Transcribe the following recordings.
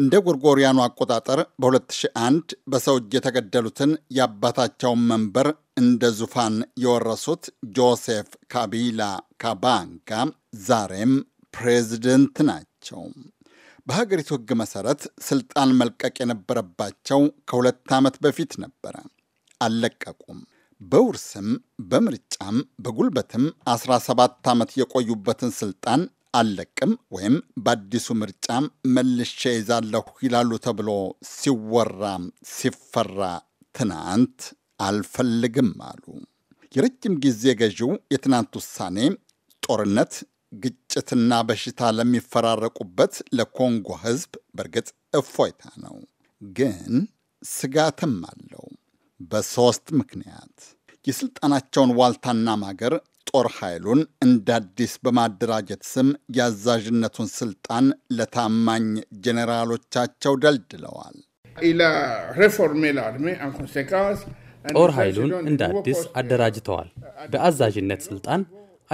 እንደ ጎርጎሪያኑ አቆጣጠር በ2001 በሰው እጅ የተገደሉትን የአባታቸውን መንበር እንደ ዙፋን የወረሱት ጆሴፍ ካቢላ ካባንጋ ዛሬም ፕሬዚደንት ናቸው። በሀገሪቱ ሕግ መሠረት ስልጣን መልቀቅ የነበረባቸው ከሁለት ዓመት በፊት ነበረ። አልለቀቁም። በውርስም በምርጫም በጉልበትም 17 ዓመት የቆዩበትን ስልጣን አልለቅም ወይም በአዲሱ ምርጫም መልሼ ይዛለሁ ይላሉ ተብሎ ሲወራ ሲፈራ ትናንት አልፈልግም አሉ። የረጅም ጊዜ ገዢው የትናንት ውሳኔ ጦርነት፣ ግጭትና በሽታ ለሚፈራረቁበት ለኮንጎ ሕዝብ በእርግጥ እፎይታ ነው፣ ግን ስጋትም አለው። በሦስት ምክንያት የሥልጣናቸውን ዋልታና ማገር ጦር ኃይሉን እንደ አዲስ በማደራጀት ስም የአዛዥነቱን ስልጣን ለታማኝ ጄኔራሎቻቸው ደልድለዋል። ጦር ኃይሉን እንደ አዲስ አደራጅተዋል። በአዛዥነት ስልጣን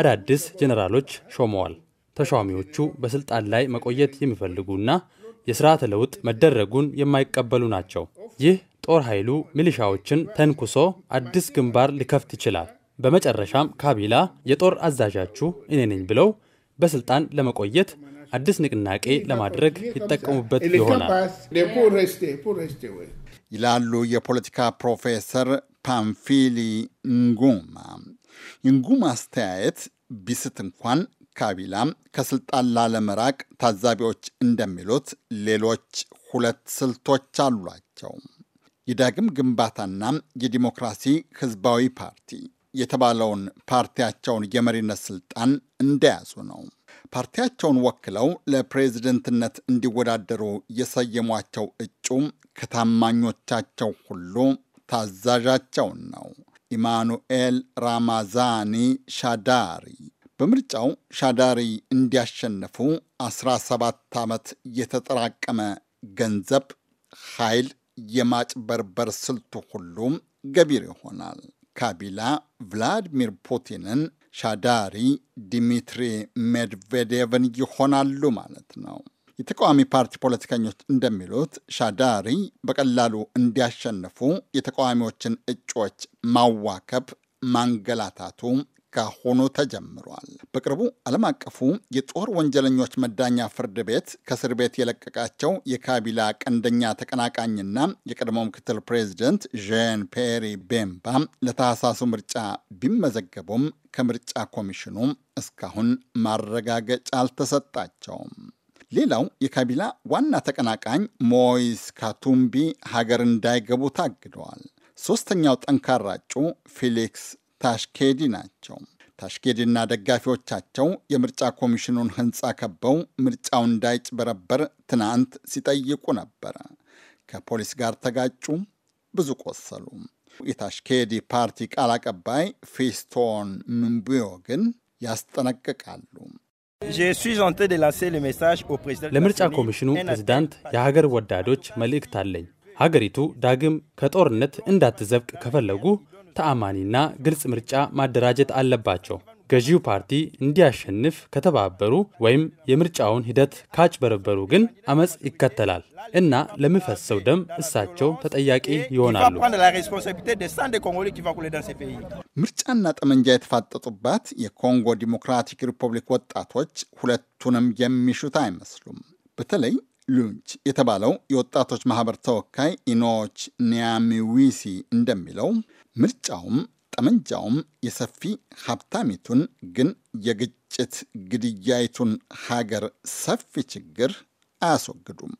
አዳዲስ ጄኔራሎች ሾመዋል። ተሿሚዎቹ በስልጣን ላይ መቆየት የሚፈልጉና የሥርዓተ ለውጥ መደረጉን የማይቀበሉ ናቸው። ይህ ጦር ኃይሉ ሚሊሻዎችን ተንኩሶ አዲስ ግንባር ሊከፍት ይችላል። በመጨረሻም ካቢላ የጦር አዛዣችሁ እኔ ነኝ ብለው በስልጣን ለመቆየት አዲስ ንቅናቄ ለማድረግ ይጠቀሙበት ይሆናል ይላሉ የፖለቲካ ፕሮፌሰር ፓንፊሊ ንጉማ። ንጉማ አስተያየት ቢስት እንኳን ካቢላ ከስልጣን ላለመራቅ ታዛቢዎች እንደሚሉት ሌሎች ሁለት ስልቶች አሏቸው። የዳግም ግንባታና የዲሞክራሲ ህዝባዊ ፓርቲ የተባለውን ፓርቲያቸውን የመሪነት ስልጣን እንደያዙ ነው። ፓርቲያቸውን ወክለው ለፕሬዝደንትነት እንዲወዳደሩ የሰየሟቸው እጩም ከታማኞቻቸው ሁሉ ታዛዣቸውን ነው። ኢማኑኤል ራማዛኒ ሻዳሪ በምርጫው ሻዳሪ እንዲያሸንፉ 17 ዓመት የተጠራቀመ ገንዘብ ኃይል የማጭበርበር ስልቱ ሁሉም ገቢር ይሆናል። ካቢላ ቭላድሚር ፑቲንን፣ ሻዳሪ ዲሚትሪ ሜድቬዴቭን ይሆናሉ ማለት ነው። የተቃዋሚ ፓርቲ ፖለቲከኞች እንደሚሉት ሻዳሪ በቀላሉ እንዲያሸንፉ የተቃዋሚዎችን እጩዎች ማዋከብ፣ ማንገላታቱ ፖለቲካ ሆኖ ተጀምሯል። በቅርቡ ዓለም አቀፉ የጦር ወንጀለኞች መዳኛ ፍርድ ቤት ከእስር ቤት የለቀቃቸው የካቢላ ቀንደኛ ተቀናቃኝና የቀድሞ ምክትል ፕሬዚደንት ዣን ፔሪ ቤምባ ለታህሳሱ ምርጫ ቢመዘገቡም ከምርጫ ኮሚሽኑ እስካሁን ማረጋገጫ አልተሰጣቸውም። ሌላው የካቢላ ዋና ተቀናቃኝ ሞይስ ካቱምቢ ሀገር እንዳይገቡ ታግደዋል። ሦስተኛው ጠንካራ እጩ ፊሊክስ ታሽኬዲ ናቸው። ታሽኬዲና ደጋፊዎቻቸው የምርጫ ኮሚሽኑን ሕንፃ ከበው ምርጫው እንዳይጭበረበር ትናንት ሲጠይቁ ነበረ። ከፖሊስ ጋር ተጋጩ፣ ብዙ ቆሰሉ። የታሽኬዲ ፓርቲ ቃል አቀባይ ፌስቶን ምንቡዮ ግን ያስጠነቅቃሉ። ለምርጫ ኮሚሽኑ ፕሬዝዳንት የሀገር ወዳዶች መልእክት አለኝ። ሀገሪቱ ዳግም ከጦርነት እንዳትዘብቅ ከፈለጉ ተአማኒና ግልጽ ምርጫ ማደራጀት አለባቸው። ገዢው ፓርቲ እንዲያሸንፍ ከተባበሩ ወይም የምርጫውን ሂደት ካጭበረበሩ ግን አመፅ ይከተላል እና ለሚፈሰው ደም እሳቸው ተጠያቂ ይሆናሉ። ምርጫና ጠመንጃ የተፋጠጡባት የኮንጎ ዲሞክራቲክ ሪፐብሊክ ወጣቶች ሁለቱንም የሚሹት አይመስሉም። በተለይ ሉንች የተባለው የወጣቶች ማህበር ተወካይ ኢኖች ኒያሚዊሲ እንደሚለው ምርጫውም ጠመንጃውም የሰፊ ሀብታሚቱን ግን የግጭት ግድያይቱን ሀገር ሰፊ ችግር አያስወግዱም።